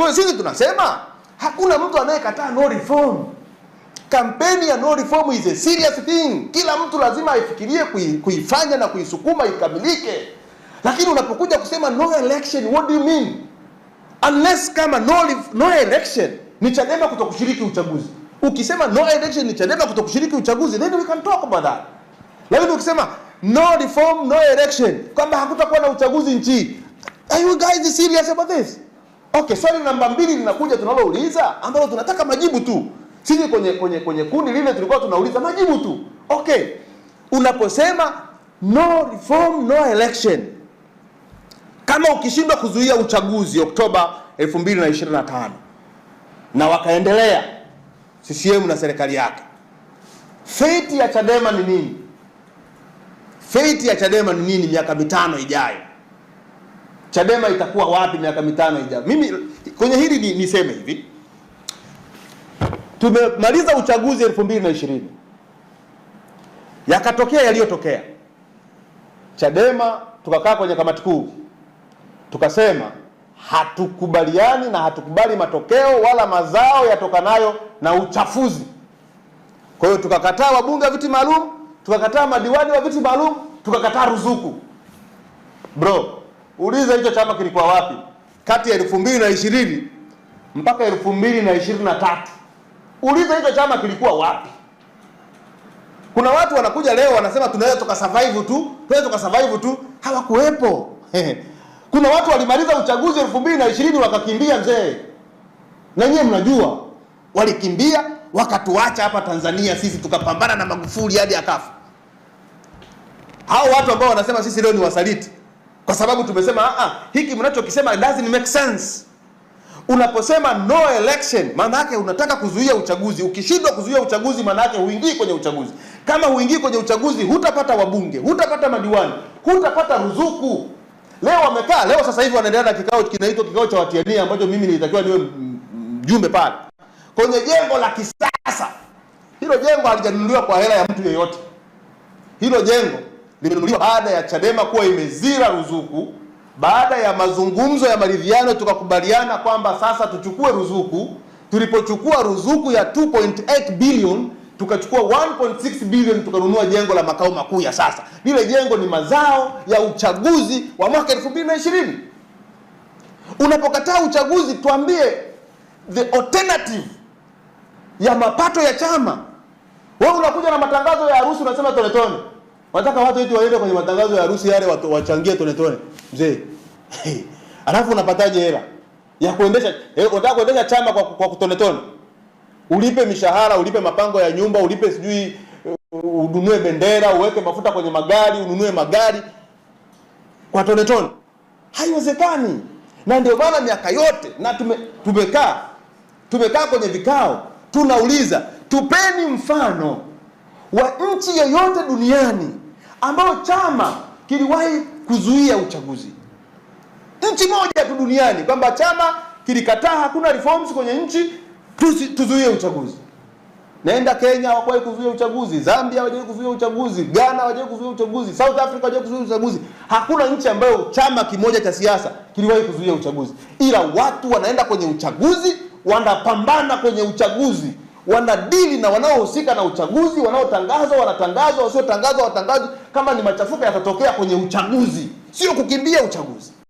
Kwa hiyo sisi tunasema hakuna mtu anayekataa no reform. Kampeni ya no reform is a serious thing. Kila mtu lazima aifikirie kuifanya na kuisukuma ikamilike, lakini unapokuja kusema no election, what do you mean? Unless kama no, no election ni Chadema kutokushiriki uchaguzi. Ukisema no election ni Chadema kutokushiriki uchaguzi, then we can talk about that. Lakini ukisema no reform, no election, kwamba hakutakuwa na uchaguzi nchi, are you guys serious about this? Okay, swali namba mbili linakuja tunalouliza ambalo tunataka majibu tu. Sisi kwenye kwenye kwenye kundi lile tulikuwa tunauliza majibu tu. Okay. Unaposema no reform no election. Kama ukishindwa kuzuia uchaguzi Oktoba 2025 na wakaendelea CCM na serikali yake. Fate ya Chadema ni nini? Fate ya Chadema ni nini miaka mitano ijayo? Chadema itakuwa wapi miaka mitano ijayo? Mimi kwenye hili ni, niseme hivi tumemaliza uchaguzi 2020 yakatokea yaliyotokea. Chadema tukakaa kwenye kamati kuu tukasema hatukubaliani na hatukubali matokeo wala mazao yatokanayo na uchafuzi. Kwa hiyo tukakataa wabunge wa viti maalum, tukakataa madiwani wa viti maalum, tukakataa ruzuku bro Uliza hicho chama kilikuwa wapi kati ya elfu mbili na ishirini mpaka elfu mbili na ishirini na tatu Uliza hicho chama kilikuwa wapi? Kuna watu wanakuja leo wanasema tunaweza survive tu, tunaweza survive tu, hawakuwepo. Kuna watu walimaliza uchaguzi elfu mbili na ishirini wakakimbia, mzee, na nyewe mnajua walikimbia, wakatuacha hapa Tanzania, sisi tukapambana na Magufuli hadi akafa. Hao watu ambao wanasema sisi leo ni wasaliti kwa sababu tumesema aa, ah, ah, hiki mnachokisema doesn't make sense. Unaposema no election, maana yake unataka kuzuia uchaguzi. Ukishindwa kuzuia uchaguzi, maana yake huingii kwenye uchaguzi. Kama huingii kwenye uchaguzi, hutapata wabunge, hutapata madiwani, hutapata ruzuku. Leo wamekaa leo, sasa hivi wanaendelea na kikao kinaitwa kikao cha watiania, ambacho mimi nilitakiwa niwe mjumbe pale kwenye jengo la kisasa. Hilo jengo halijanunuliwa kwa hela ya mtu yeyote, hilo jengo limenunuliwa baada ya Chadema kuwa imezira ruzuku, baada ya mazungumzo ya maridhiano tukakubaliana kwamba sasa tuchukue ruzuku. Tulipochukua ruzuku ya 2.8 billion tukachukua 1.6 billion tukanunua jengo la makao makuu ya sasa. Lile jengo ni mazao ya uchaguzi wa mwaka 2020. Unapokataa uchaguzi, tuambie the alternative ya mapato ya chama. Wewe unakuja na matangazo ya harusi unasema tone tone. Unataka watu wetu waende kwenye matangazo ya harusi yale watu wachangie tone tone. Mzee. Alafu unapataje hela? Ya kuendesha eh, unataka kuendesha chama kwa, kwa kutone tone. Ulipe mishahara, ulipe mapango ya nyumba, ulipe sijui ununue bendera, uweke mafuta kwenye magari, ununue magari kwa tone tone. Haiwezekani. Na ndio maana miaka yote na tume, tumekaa tumekaa kwenye vikao tunauliza, tupeni mfano wa nchi yoyote duniani ambao chama kiliwahi kuzuia uchaguzi nchi moja tu duniani, kwamba chama kilikataa hakuna reforms kwenye nchi tuzuie uchaguzi. Naenda Kenya hawakuwahi kuzuia uchaguzi, Zambia hawajawahi kuzuia uchaguzi, Ghana hawajawahi kuzuia uchaguzi, South Africa hawajawahi kuzuia uchaguzi. Hakuna nchi ambayo chama kimoja cha siasa kiliwahi kuzuia uchaguzi, ila watu wanaenda kwenye uchaguzi, wanapambana kwenye uchaguzi wanadili na wanaohusika na uchaguzi, wanaotangazwa wanatangazwa, wasiotangazwa watangazwa. Kama ni machafuko yatatokea kwenye uchaguzi, sio kukimbia uchaguzi.